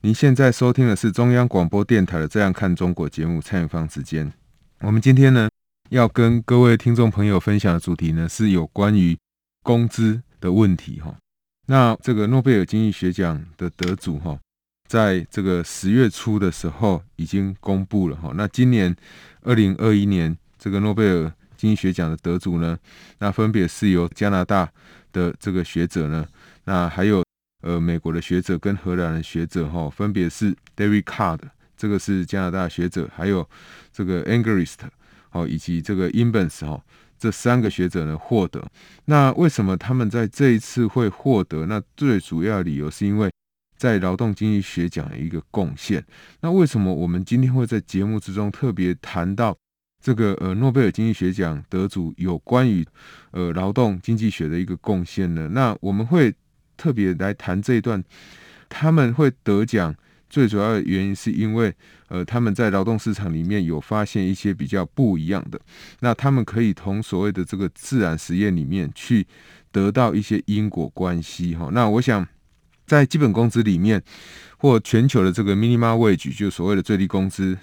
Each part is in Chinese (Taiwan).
您現在收聽的是中央廣播電台的《這樣看中國》節目，蔡明芳時間，我們今天呢，要跟各位聽眾朋友分享的主題呢，是有關於工資的問題哈。那這個諾貝爾經濟學獎的得主哈，在這個十月初的時候已經公布了哈。那今年二零二一年這個諾貝爾經濟學獎的得主呢，那分別是由加拿大的這個學者呢，那還有。呃，美國的學者跟荷蘭的學者哈、哦，分別是 David Card，這個是加拿大學者，還有這個 Angrist，好、哦，以及這個 Imbens 哈、哦，這三個學者呢獲得。那為什麼他們在這一次會獲得？那最主要理由是因為在勞動經濟學獎的一個貢獻。那為什麼我們今天會在節目之中特別談到這個呃諾貝爾經濟學獎得主有關於呃勞動經濟學的一個貢獻呢？那我們會。特別來談這一段，他們會得獎最主要的原因，是因為呃他們在勞動市場裡面有發現一些比較不一樣的，那他們可以從所謂的這個自然實驗裡面去得到一些因果關係哈。那我想在基本工資裡面或全球的這個 minimum wage 就所謂的最低工資，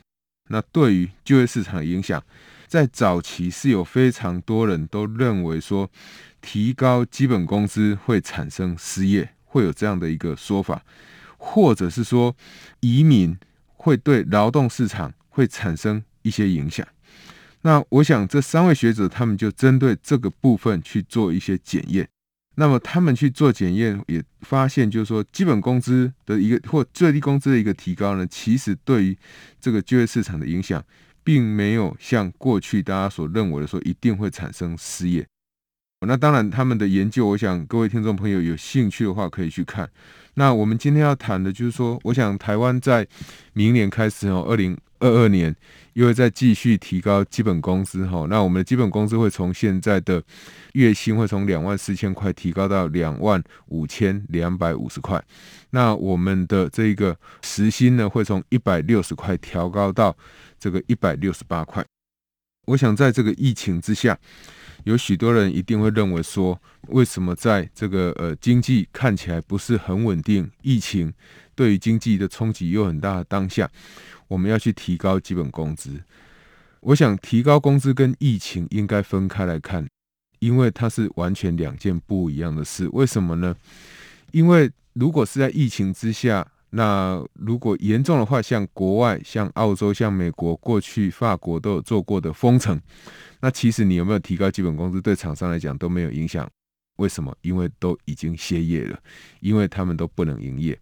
那對於就業市場的影響。在早期是有非常多人都認為說，提高基本工資會產生失業，會有這樣的一個說法，或者是說移民會對勞動市場會產生一些影響。那我想這三位學者他們就針對這個部分去做一些檢驗。那麼他們去做檢驗也發現，就是說基本工資的一個或最低工資的一個提高呢，其實對於這個就業市場的影響，並沒有像過去大家所認為的說一定會產生失業，那當然他們的研究，我想各位聽眾朋友有興趣的話可以去看。那我們今天要談的就是說，我想台灣在明年開始哦，二零。二二年，又再繼續提高基本工資哈。那我們的基本工資會從現在的月薪會從兩萬四千塊提高到兩萬五千兩百五十塊。那我們的這個時薪呢，會從一百六十塊調高到這個一百六十八塊。我想在這個疫情之下，有許多人一定會認為說，為什麼在這個呃經濟看起來不是很穩定、疫情對於經濟的衝擊又很大的當下，我們要去提高基本工資？我想提高工資跟疫情應該分開來看，因為它是完全兩件不一樣的事。為什麼呢？因為如果是在疫情之下。那如果嚴重的話，像國外、像澳洲、像美國，過去法國都有做過的封城，那其實你有沒有提高基本工資，對廠商來講都沒有影響。為什麼？因為都已經歇業了，因為他們都不能營業。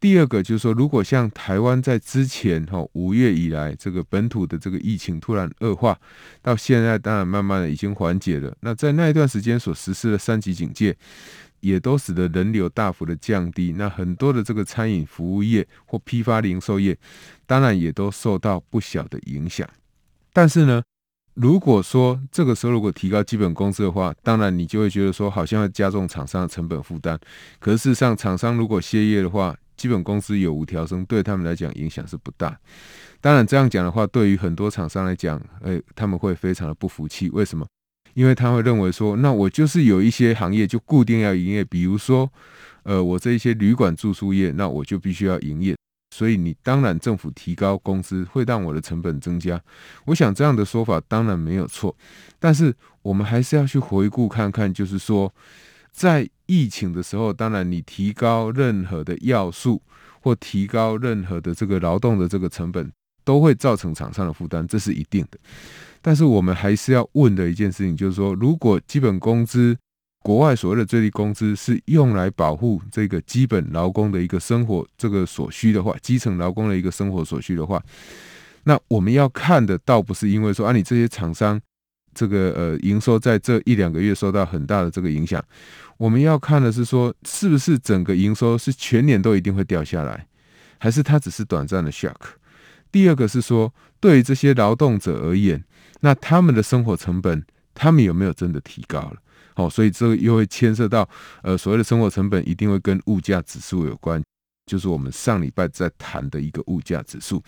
第二個就是說，如果像台灣在之前哈五月以來，這個本土的這個疫情突然惡化，到現在當然慢慢的已經緩解了。那在那一段時間所實施的三級警戒。也都使得人流大幅的降低，那很多的這個餐飲服務業或批發零售業，當然也都受到不小的影響。但是呢，如果說這個時候如果提高基本工資的話，當然你就會覺得說好像要加重廠商的成本負擔。可事實上廠商如果歇業的話，基本工資有無調升對他們來講影響是不大。當然這樣講的話，對於很多廠商來講，誒、哎，他們會非常的不服氣。為什麼？因為他會認為說，那我就是有一些行業就固定要營業，比如說，呃，我這一些旅館住宿業，那我就必須要營業。所以你當然政府提高工資會讓我的成本增加。我想這樣的說法當然沒有錯，但是我們還是要去回顧看看，就是說，在疫情的時候，當然你提高任何的要素或提高任何的這個勞動的這個成本，都會造成廠商的負擔，這是一定的。但是我們還是要問的一件事情，就是說，如果基本工資、國外所謂的最低工資是用來保護這個基本勞工的一個生活這個所需的話，基層勞工的一個生活所需的話，那我們要看的倒不是因為說啊，你這些廠商這個呃營收在這一兩個月受到很大的這個影響，我們要看的是說，是不是整個營收是全年都一定會掉下來，還是它只是短暫的 shock。第二個是說，對於這些勞動者而言。那他們的生活成本，他們有沒有真的提高了？好，所以這個又會牽涉到，呃，所謂的生活成本一定會跟物價指數有關，就是我們上禮拜在談的一個物價指數。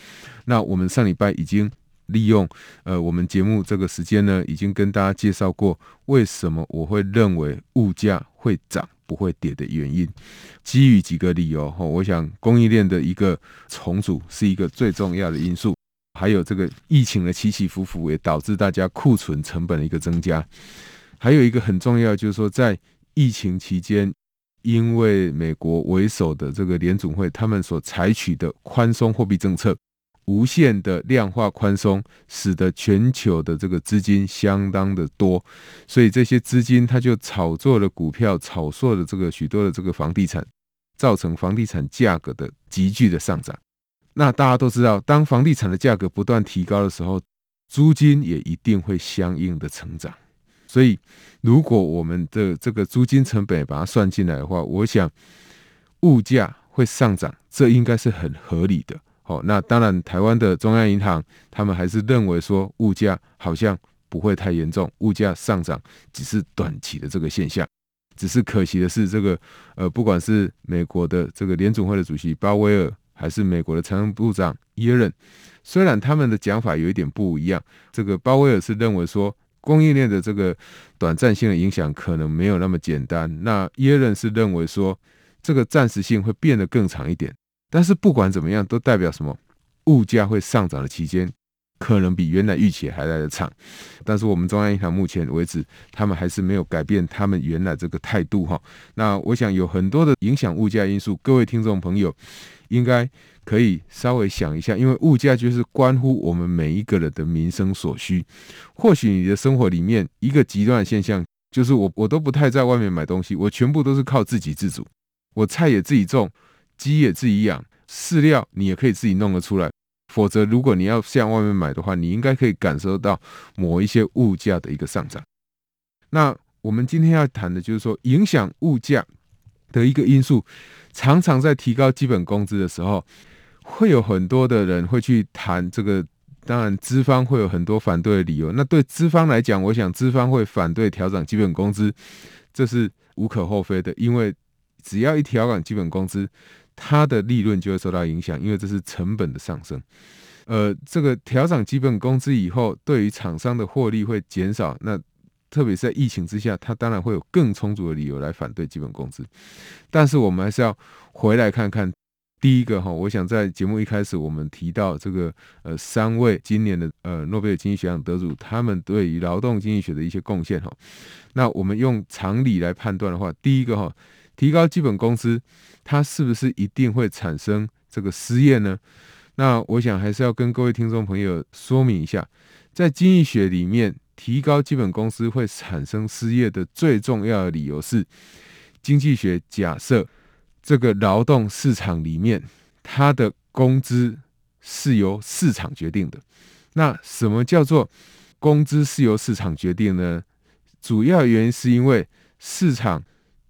那我們上禮拜已經利用呃我們節目這個時間呢，已經跟大家介紹過為什麼我會認為物價會漲不會跌的原因，基於幾個理由哦，我想供應鏈的一個重組是一個最重要的因素。還有這個疫情的起起伏伏，也導致大家庫存成本的一個增加。還有一個很重要，就是說在疫情期間，因為美國為首的這個聯準會，他們所採取的寬鬆貨幣政策，無限的量化寬鬆，使得全球的這個資金相當的多，所以這些資金它就炒作了股票，炒作了這個許多的這個房地產，造成房地產價格的急劇的上漲。那大家都知道，當房地產的價格不斷提高的時候，租金也一定會相應的成長。所以，如果我們的這個租金成本把它算進來的話，我想物價會上漲，這應該是很合理的。好、哦，那當然，台灣的中央銀行他們還是認為說，物價好像不會太嚴重，物價上漲只是短期的這個現象。只是可惜的是，這個呃，不管是美國的這個聯準會的主席鮑威爾。還是美國的財政部長耶倫，雖然他們的講法有一點不一樣，這個鮑威爾是認為說供應鏈的這個短暫性的影響可能沒有那麼簡單，那耶倫是認為說這個暫時性會變得更長一點，但是不管怎麼樣，都代表什麼物價會上漲的期間。可能比原來預期還來得長，但是我們中央銀行目前為止，他們還是沒有改變他們原來這個態度哈。那我想有很多的影響物價因素，各位聽眾朋友應該可以稍微想一下，因為物價就是關乎我們每一個人的民生所需。或許你的生活裡面一個極端的現象就是我我都不太在外面買東西，我全部都是靠自給自足，我菜也自己種，雞也自己養，飼料你也可以自己弄得出來。否則，如果你要向外面買的話，你應該可以感受到某一些物價的一個上漲。那我們今天要談的就是說，影響物價的一個因素，常常在提高基本工資的時候，會有很多的人會去談這個。當然，資方會有很多反對的理由。那對資方來講，我想資方會反對調整基本工資，這是無可厚非的，因為只要一調整基本工資，它的利潤就會受到影響，因為這是成本的上升。呃，這個調漲基本工資以後，對於廠商的獲利會減少。那特別是在疫情之下，它當然會有更充足的理由來反對基本工資。但是我們還是要回來看看，第一個哈，我想在節目一開始我們提到這個呃三位今年的呃諾貝爾經濟學獎得主，他們對於勞動經濟學的一些貢獻哈。那我們用常理來判斷的話，第一個哈，提高基本工資。它是不是一定會產生這個失業呢？那我想還是要跟各位聽眾朋友說明一下，在經濟學裡面，提高基本工資會產生失業的最重要的理由是，經濟學假設這個勞動市場裡面，它的工資是由市場決定的。那什麼叫做工資是由市場決定呢？主要原因是因為市場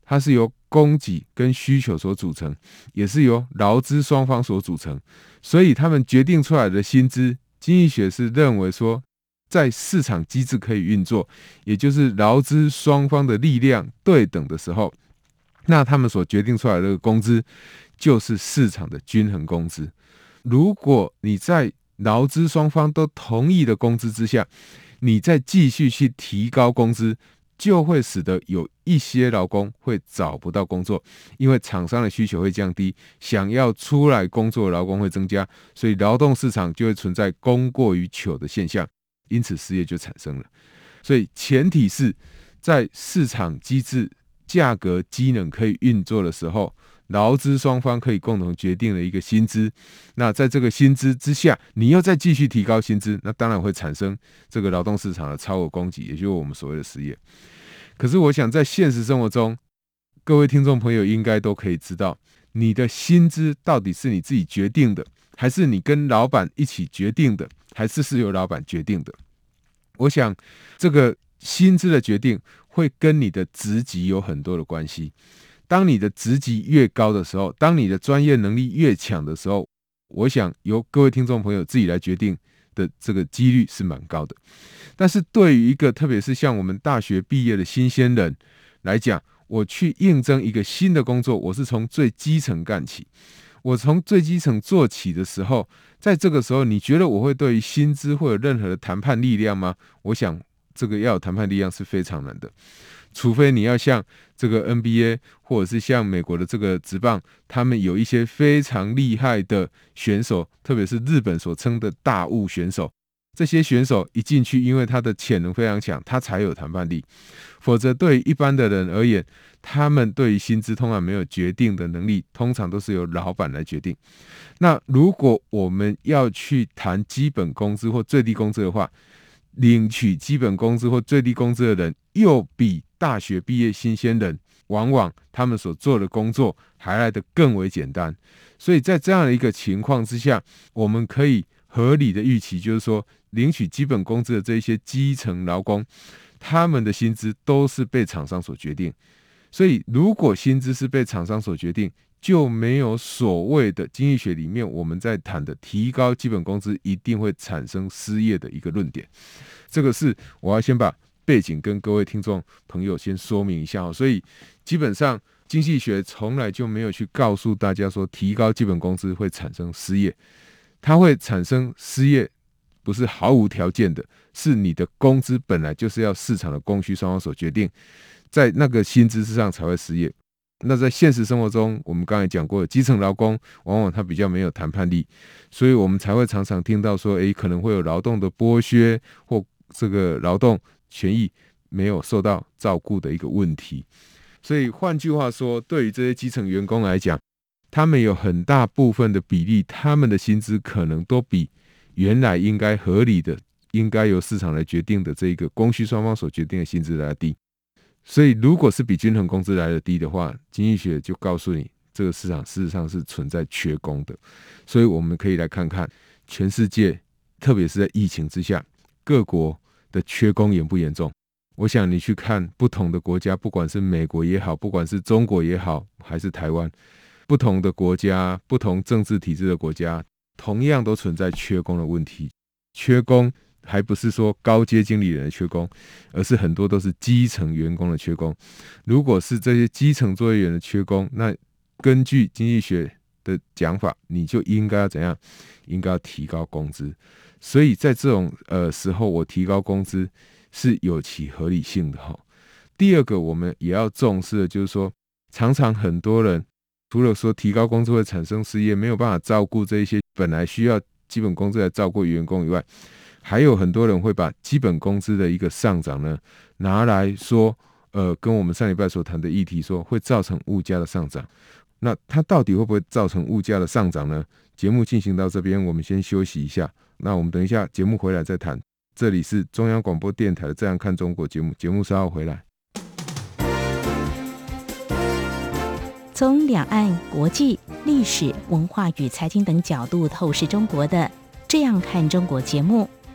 它是由供給跟需求所組成，也是由勞資雙方所組成，所以他們決定出來的薪資，經濟學是認為說，在市場機制可以運作，也就是勞資雙方的力量對等的時候，那他們所決定出來的工資，就是市場的均衡工資。如果你在勞資雙方都同意的工資之下，你再繼續去提高工資，就會使得有一些勞工會找不到工作，因為廠商的需求會降低，想要出來工作的勞工會增加，所以勞動市場就會存在供過於求的現象，因此失業就產生了。所以前提是在市場機制、價格機能可以運作的時候。勞資雙方可以共同決定的一個薪資，那在這個薪資之下，你又再繼續提高薪資，那當然會產生這個勞動市場的超額供給，也就是我們所謂的失業。可是，我想在現實生活中，各位聽眾朋友應該都可以知道，你的薪資到底是你自己決定的，還是你跟老闆一起決定的，還是是由老闆決定的？我想，這個薪資的決定會跟你的職級有很多的關係。當你的職級越高的時候，當你的專業能力越強的時候，我想由各位聽眾朋友自己來決定的這個幾率是蠻高的。但是對於一個，特別是像我們大學畢業的新鮮人來講，我去應徵一個新的工作，我是從最基層幹起。我從最基層做起的時候，在這個時候，你覺得我會對於薪資會有任何的談判力量嗎？我想。這個要有談判力量是非常難的，除非你要像這個 NBA 或者是像美國的這個職棒，他們有一些非常厲害的選手，特別是日本所稱的大物選手，這些選手一進去，因為他的潛能非常強，他才有談判力。否則對一般的人而言，他們對於薪資通常沒有決定的能力，通常都是由老闆來決定。那如果我們要去談基本工資或最低工資的話，領取基本工資或最低工資的人，又比大學畢業新鮮人，往往他們所做的工作還來得更為簡單，所以在這樣的一個情況之下，我們可以合理的預期，就是說領取基本工資的這些基層勞工，他們的薪資都是被廠商所決定。所以，如果薪資是被廠商所決定，就沒有所謂的經濟學裡面我們在談的提高基本工資一定會產生失業的一個論點。這個是我要先把背景跟各位聽眾朋友先說明一下。所以，基本上經濟學從來就沒有去告訴大家說提高基本工資會產生失業，它會產生失業不是毫無條件的，是你的工資本來就是要市場的供需雙方所決定，在那個薪資上才會失業。那在現實生活中，我們剛才講過，基層勞工往往他比較沒有談判力，所以我們才會常常聽到說，誒，可能會有勞動的剝削或這個勞動權益沒有受到照顧的一個問題。所以換句話說，對於這些基層員工來講，他們有很大部分的比例，他們的薪資可能都比原來應該合理的、應該由市場來決定的這一個供需雙方所決定的薪資來低。所以，如果是比均衡工資來得低的話，經濟學就告訴你，這個市場事實上是存在缺工的。所以，我們可以來看看全世界，特別是在疫情之下，各國的缺工嚴不嚴重？我想你去看不同的國家，不管是美國也好，不管是中國也好，還是台灣，不同的國家、不同政治體制的國家，同樣都存在缺工的問題。缺工。還不是說高階經理人的缺工，而是很多都是基層員工的缺工。如果是這些基層作業員的缺工，那根據經濟學的講法，你就應該要怎樣？應該要提高工資。所以在這種呃時候，我提高工資是有其合理性的哈。第二個，我們也要重視的就是說，常常很多人除了說提高工資會產生失業，沒有辦法照顧這一些本來需要基本工資來照顧員工以外。還有很多人會把基本工資的一個上漲呢，拿來說，呃，跟我們上禮拜所談的議題說會造成物價的上漲，那它到底會不會造成物價的上漲呢？節目進行到這邊，我們先休息一下。那我們等一下節目回來再談。這裡是中央廣播電台的《這樣看中國》節目，節目稍後回來。從兩岸、國際、歷史、文化與財經等角度透視中國的《這樣看中國》節目。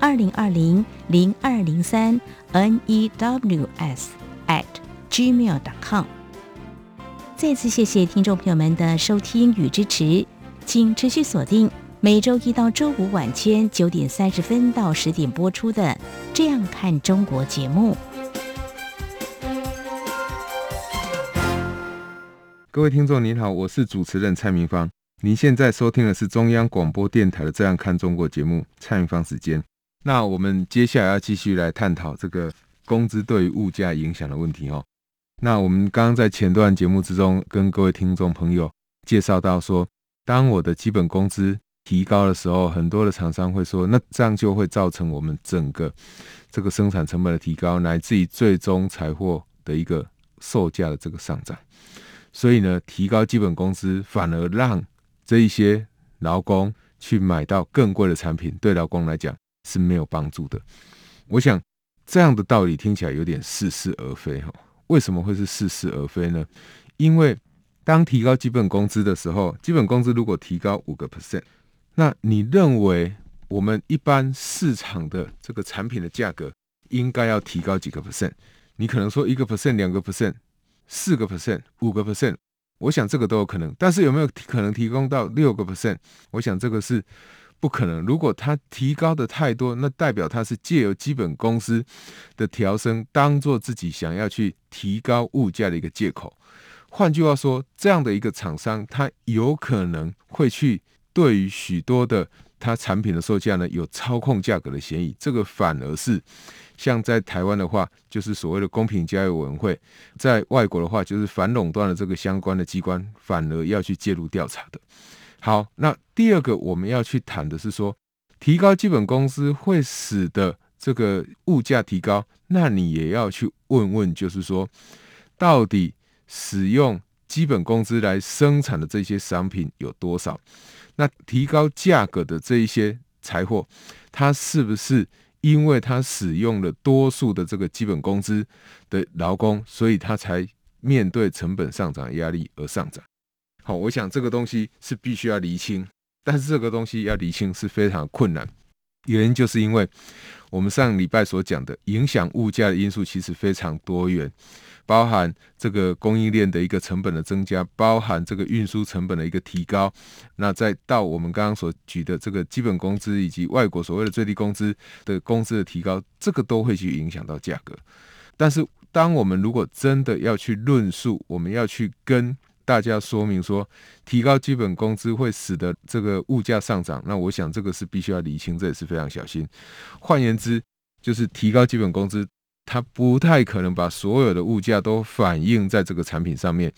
二零二零零二零三 news at gmail.com。再次謝謝聽眾朋友們的收聽與支持，請持續鎖定每周一到周五晚間九點三十分到十點播出的《這樣看中國》節目。各位聽眾，您好，我是主持人蔡明芳。您現在收聽的是中央廣播電台的《這樣看中國》節目，蔡明芳時間。那我們接下來要繼續來探討這個工資對於物價影響的問題哦。那我們剛剛在前段節目之中跟各位聽眾朋友介紹到說，當我的基本工資提高的時候，很多的廠商會說，那這樣就會造成我們整個這個生產成本的提高，乃至於最終財貨的一個售價的這個上漲。所以呢，提高基本工資反而讓這一些勞工去買到更貴的產品，對勞工來講是沒有幫助的。我想這樣的道理聽起來有點似是而非哈？為什麼會是似是而非呢？因為當提高基本工資的時候，基本工資如果提高五個 percent，那你認為我們一般市場的這個產品的價格應該要提高幾個 percent？你可能說一個 percent、兩個 percent、四個 percent、五個 percent，我想這個都有可能。但是有沒有可能提供到六個 percent？我想這個是。不可能，如果他提高的太多，那代表他是借由基本工資的調升，當做自己想要去提高物價的一個借口。換句話說，這樣的一個廠商，他有可能會去對於許多的他產品的售價呢，有操控價格的嫌疑。這個反而是像在台灣的話，就是所謂的公平交易委員會；在外國的話，就是反壟斷的這個相關的機關，反而要去介入調查的。好，那第二個我們要去談的是說，提高基本工資會使得這個物價提高。那你也要去問問，就是說，到底使用基本工資來生產的這些商品有多少？那提高價格的這一些財貨，它是不是因為它使用了多數的這個基本工資的勞工，所以它才面對成本上漲壓力而上漲？好，哦，我想這個東西是必須要釐清，但是這個東西要釐清是非常困難，原因就是因為我們上禮拜所講的影響物價的因素其實非常多元，包含這個供應鏈的一個成本的增加，包含這個運輸成本的一個提高，那再到我們剛剛所舉的這個基本工資以及外國所謂的最低工資的工資的提高，這個都會去影響到價格。但是，當我們如果真的要去論述，我們要去跟大家說明說，提高基本工資會使得這個物價上漲。那我想這個是必須要理清，這也是非常小心。換言之，就是提高基本工資，它不太可能把所有的物價都反映在這個產品上面，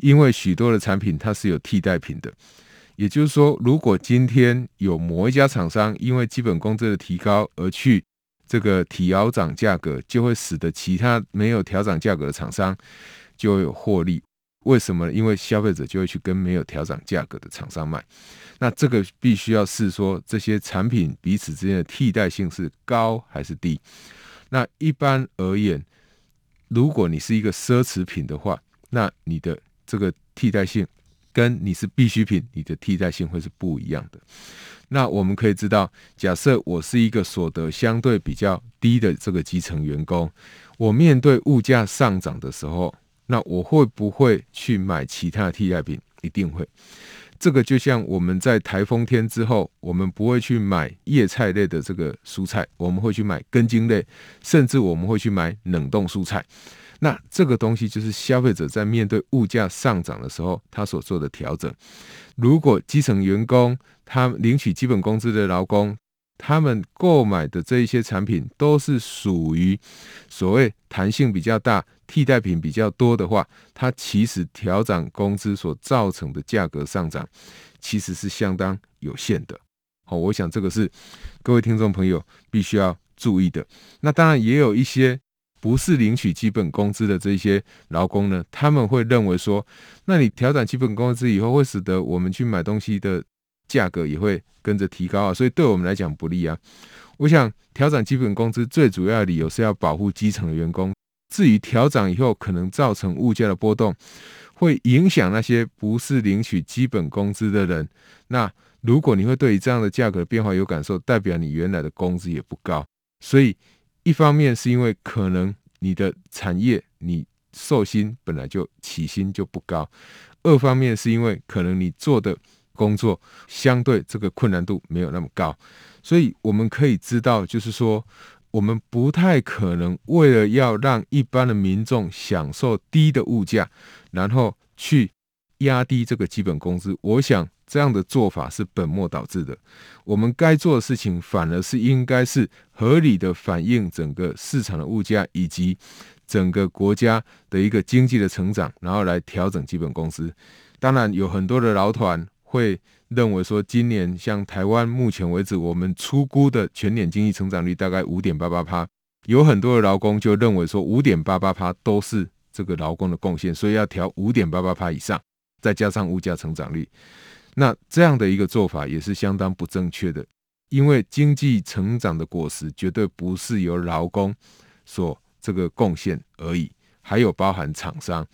因為許多的產品它是有替代品的。也就是說，如果今天有某一家廠商因為基本工資的提高而去這個調漲價格，就會使得其他沒有調漲價格的廠商就會有獲利。為什麼？因為消費者就會去跟沒有調整價格的廠商買，那這個必須要是說，這些產品彼此之間的替代性是高還是低？那一般而言，如果你是一個奢侈品的話，那你的這個替代性跟你是必需品，你的替代性會是不一樣的。那我們可以知道，假設我是一個所得相對比較低的這個基層員工，我面對物價上漲的時候。那我會不會去買其他替代品？一定會。這個就像我們在颱風天之後，我們不會去買葉菜類的這個蔬菜，我們會去買根莖類，甚至我們會去買冷凍蔬菜。那這個東西就是消費者在面對物價上漲的時候，他所做的調整。如果基層員工他領取基本工資的勞工，他們購買的這一些產品都是屬於所謂彈性比較大、替代品比較多的話，它其實調整工資所造成的價格上漲，其實是相當有限的。好，哦，我想這個是各位聽眾朋友必須要注意的。那當然也有一些不是領取基本工資的這些勞工呢，他們會認為說，那你調整基本工資以後，會使得我們去買東西的。價格也會跟着提高啊，所以對我們來講不利啊。我想調整基本工資最主要的理由是要保護基層的員工。至於調整以後可能造成物價的波動，會影響那些不是領取基本工資的人。那如果你會對於這樣的價格的變化有感受，代表你原來的工資也不高。所以一方面是因為可能你的產業你受薪本來就起薪就不高，二方面是因為可能你做的。工作相對這個困難度沒有那麼高，所以我們可以知道，就是說，我們不太可能為了要讓一般的民眾享受低的物價，然後去壓低這個基本工資。我想這樣的做法是本末倒置的。我們該做的事情反而是應該是合理的反映整個市場的物價以及整個國家的一個經濟的成長，然後來調整基本工資。當然有很多的勞團。會認為說，今年像台灣目前為止，我們初估的全年經濟成長率大概五點八八趴，有很多的勞工就認為說，五點八八趴都是這個勞工的貢獻，所以要調五點八八趴以上，再加上物價成長率，那這樣的一個做法也是相當不正確的，因為經濟成長的果實絕對不是由勞工所這個貢獻而已。還有包含廠商，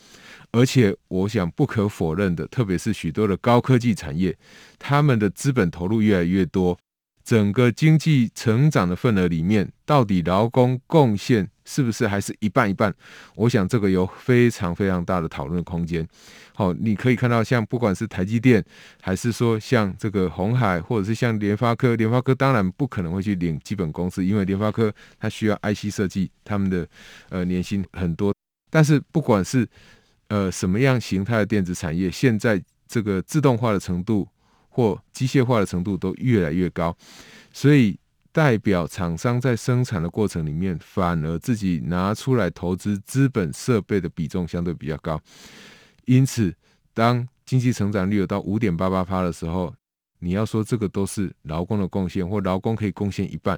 而且我想不可否認的，特別是許多的高科技產業，他們的資本投入越來越多，整個經濟成長的份額裡面，到底勞工貢獻是不是還是一半一半？我想這個有非常非常大的討論空間。好、哦，你可以看到，像不管是台積電，還是說像這個鴻海，或者是像聯發科，聯發科當然不可能會去領基本工資，因為聯發科它需要 IC 設計，他們的呃年薪很多。但是，不管是呃什麼樣形態的電子產業，現在這個自動化的程度或機械化的程度都越來越高，所以代表廠商在生產的過程裡面，反而自己拿出來投資資本設備的比重相對比較高。因此，當經濟成長率有到五點八八趴的時候，你要說這個都是勞工的貢獻，或勞工可以貢獻一半，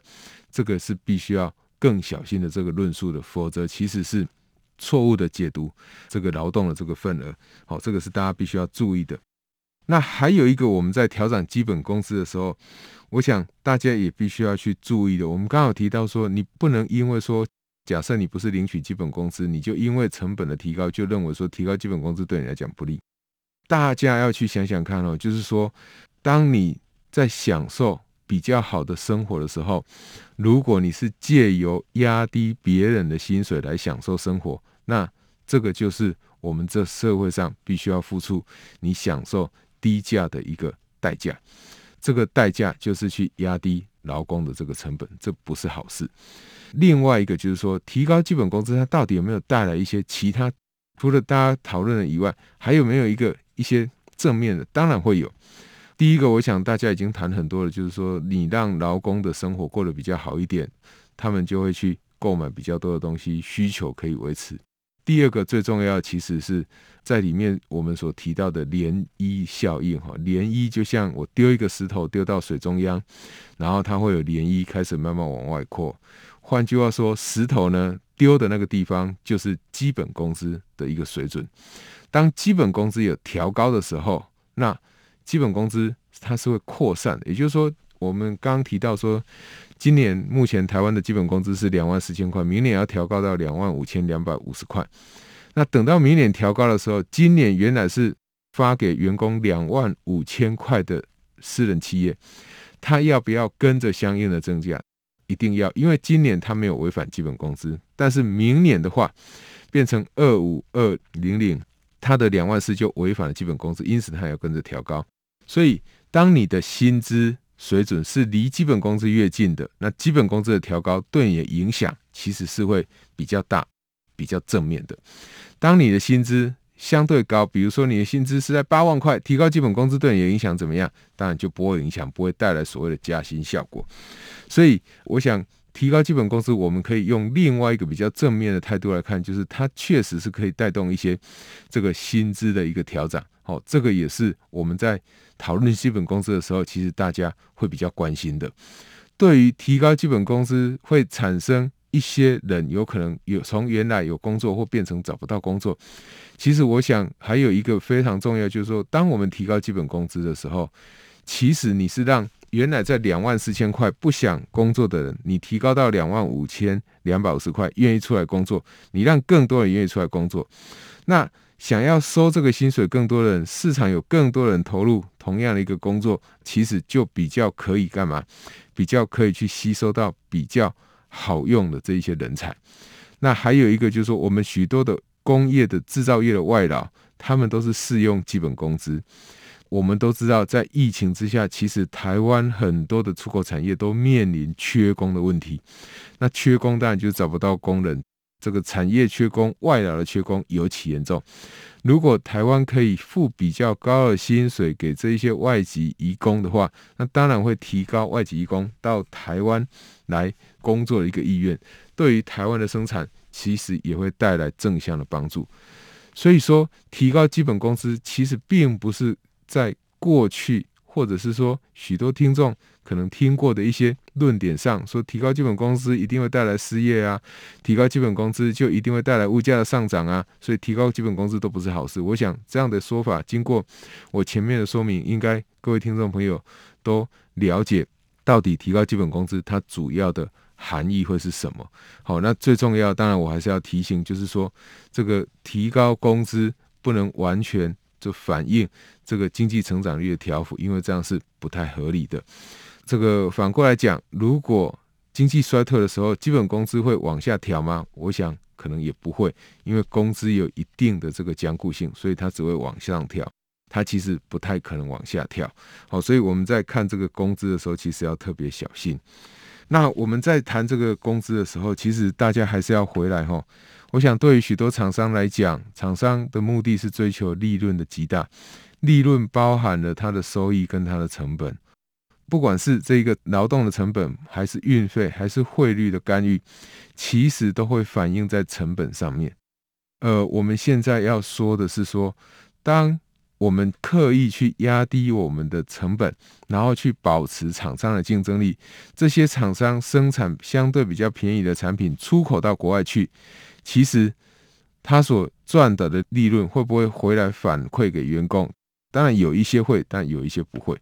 這個是必須要更小心的這個論述的，否則其實是。錯誤的解讀這個勞動的這個份額，好，這個是大家必須要注意的。那還有一個，我們在調整基本工資的時候，我想大家也必須要去注意的。我們剛好提到說，你不能因為說，假設你不是領取基本工資，你就因為成本的提高就認為說提高基本工資對你來講不利。大家要去想想看哦，就是說，當你在享受。比較好的生活的時候，如果你是借由壓低別人的薪水來享受生活，那這個就是我們這社會上必須要付出你享受低價的一個代價。這個代價就是去壓低勞工的這個成本，這不是好事。另外一個就是說，提高基本工資，它到底有沒有帶來一些其他？除了大家討論的以外，還有沒有一個一些正面的？當然會有。第一個，我想大家已經談很多了，就是說你讓勞工的生活過得比較好一點，他們就會去購買比較多的東西，需求可以維持。第二個最重要，其實是在裡面我們所提到的漣漪效應，哈，漣漪就像我丟一個石頭丟到水中央，然後它會有漣漪開始慢慢往外擴。換句話說，石頭呢丟的那個地方就是基本工資的一個水準，當基本工資有調高的時候，那基本工資它是會擴散的，也就是說，我們剛提到說，今年目前台灣的基本工資是兩萬四千塊，明年要調高到兩萬五千兩百五十塊。那等到明年調高的時候，今年原來是發給員工兩萬五千塊的私人企業，他要不要跟着相應的增加？一定要，因為今年他沒有違反基本工資，但是明年的話變成二五二零零，他的兩萬四就違反了基本工資，因此他要跟着調高。所以，當你的薪資水準是離基本工資越近的，那基本工資的調高對你的影響其實是會比較大、比較正面的。當你的薪資相對高，比如說你的薪資是在八萬塊，提高基本工資對你的影響怎麼樣？當然就不會影響，不會帶來所謂的加薪效果。所以，我想。提高基本工資，我們可以用另外一個比較正面的態度來看，就是它確實是可以帶動一些這個薪資的一個調整。好，這個也是我們在討論基本工資的時候，其實大家會比較關心的。對於提高基本工資會產生一些人有可能有從原來有工作或變成找不到工作。其實我想還有一個非常重要，就是說，當我們提高基本工資的時候，其實你是讓原來在兩萬四千塊不想工作的人，你提高到兩萬五千兩百五十塊，願意出來工作。你讓更多人願意出來工作，那想要收這個薪水更多的人，市場有更多人投入同樣的一個工作，其實就比較可以幹嘛？比較可以去吸收到比較好用的這一些人才。那還有一個就是說，我們許多的工業的製造業的外勞，他們都是適用基本工資。我們都知道，在疫情之下，其實台灣很多的出口產業都面臨缺工的問題。那缺工當然就找不到工人，這個產業缺工，外勞的缺工尤其嚴重。如果台灣可以付比較高的薪水給這一些外籍移工的話，那當然會提高外籍移工到台灣來工作的一個意願，對於台灣的生產其實也會帶來正向的幫助。所以說，提高基本工資其實並不是。在過去，或者是說許多聽眾可能聽過的一些論點上，說提高基本工資一定會帶來失業啊，提高基本工資就一定會帶來物價的上漲啊，所以提高基本工資都不是好事。我想這樣的說法，經過我前面的說明，應該各位聽眾朋友都了解到底提高基本工資它主要的含義會是什麼。好，那最重要，當然我還是要提醒，就是說這個提高工資不能完全。就反映這個經濟成長率的調幅，因為這樣是不太合理的。這個反過來講，如果經濟衰退的時候，基本工資會往下調嗎？我想可能也不會，因為工資有一定的這個僵固性，所以它只會往上調，它其實不太可能往下調。好、哦，所以我們在看這個工資的時候，其實要特別小心。那我們在談這個工資的時候，其實大家還是要回來哈、哦。我想，對於許多廠商來講，廠商的目的是追求利潤的極大。利潤包含了它的收益跟它的成本，不管是這個勞動的成本，還是運費，還是匯率的干預，其實都會反映在成本上面。呃，我們現在要說的是說，當我們刻意去壓低我們的成本，然後去保持廠商的競爭力，這些廠商生產相對比較便宜的產品，出口到國外去。其實，他所賺到的利潤會不會回來反饋給員工？當然有一些會，但有一些不會。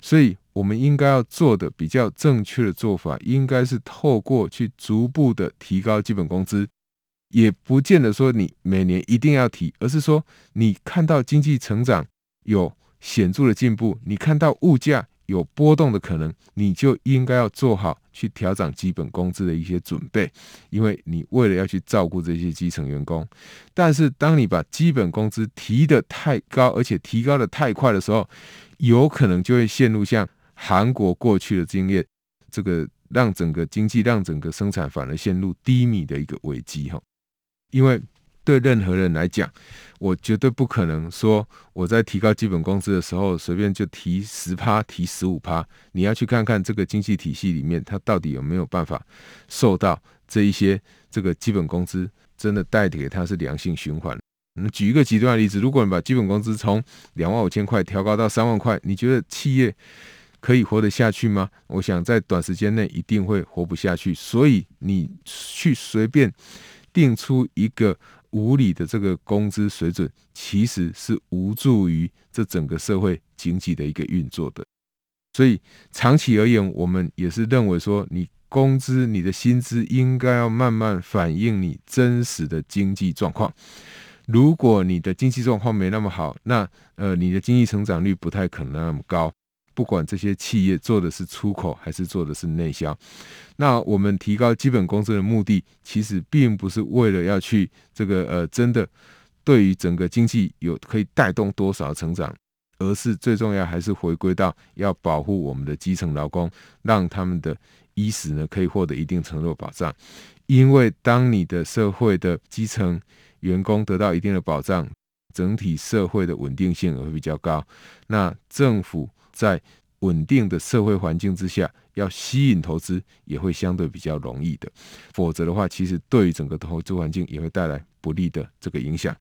所以，我們應該要做的比較正確的做法，應該是透過去逐步的提高基本工資，也不見得說你每年一定要提，而是說你看到經濟成長有顯著的進步，你看到物價有波動的可能，你就應該要做好。去調整基本工資的一些準備，因為你為了要去照顧這些基層員工，但是當你把基本工資提得太高，而且提高的太快的時候，有可能就會陷入像韓國過去的經驗，這個讓整個經濟、讓整個生產反而陷入低迷的一個危機哈，因為。對任何人來講，我絕對不可能說我在提高基本工資的時候，隨便就提十趴、提十五趴。你要去看看這個經濟體系裡面，它到底有沒有辦法受到這一些這個基本工資真的帶給它是良性循環。你舉一個極端的例子，如果你把基本工資從兩萬五千塊調高到三萬塊，你覺得企業可以活得下去嗎？我想在短時間內一定會活不下去。所以你去隨便定出一個。無理的這個工資水準，其實是無助於這整個社會經濟的一個運作的。所以長期而言，我們也是認為說，你工資、你的薪資應該要慢慢反映你真實的經濟狀況。如果你的經濟狀況沒那麼好，那呃，你的經濟成長率不太可能那麼高。不管這些企業做的是出口還是做的是內銷，那我們提高基本工資的目的，其實並不是為了要去這個呃真的對於整個經濟有可以帶動多少成長，而是最重要還是回歸到要保護我們的基層勞工，讓他們的衣食呢可以獲得一定程度保障。因為當你的社會的基層員工得到一定的保障，整體社會的穩定性也會比較高。那政府在穩定的社會環境之下，要吸引投資也會相對比較容易的。否則的話，其實對於整個投資環境也會帶來不利的這個影響。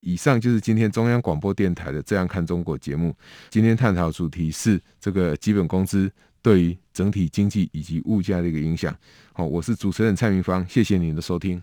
以上就是今天中央廣播電臺的《這樣看中國》節目，今天探討主題是這個基本工資對於整體經濟以及物價的一個影響。好，我是主持人蔡明芳，謝謝您的收聽。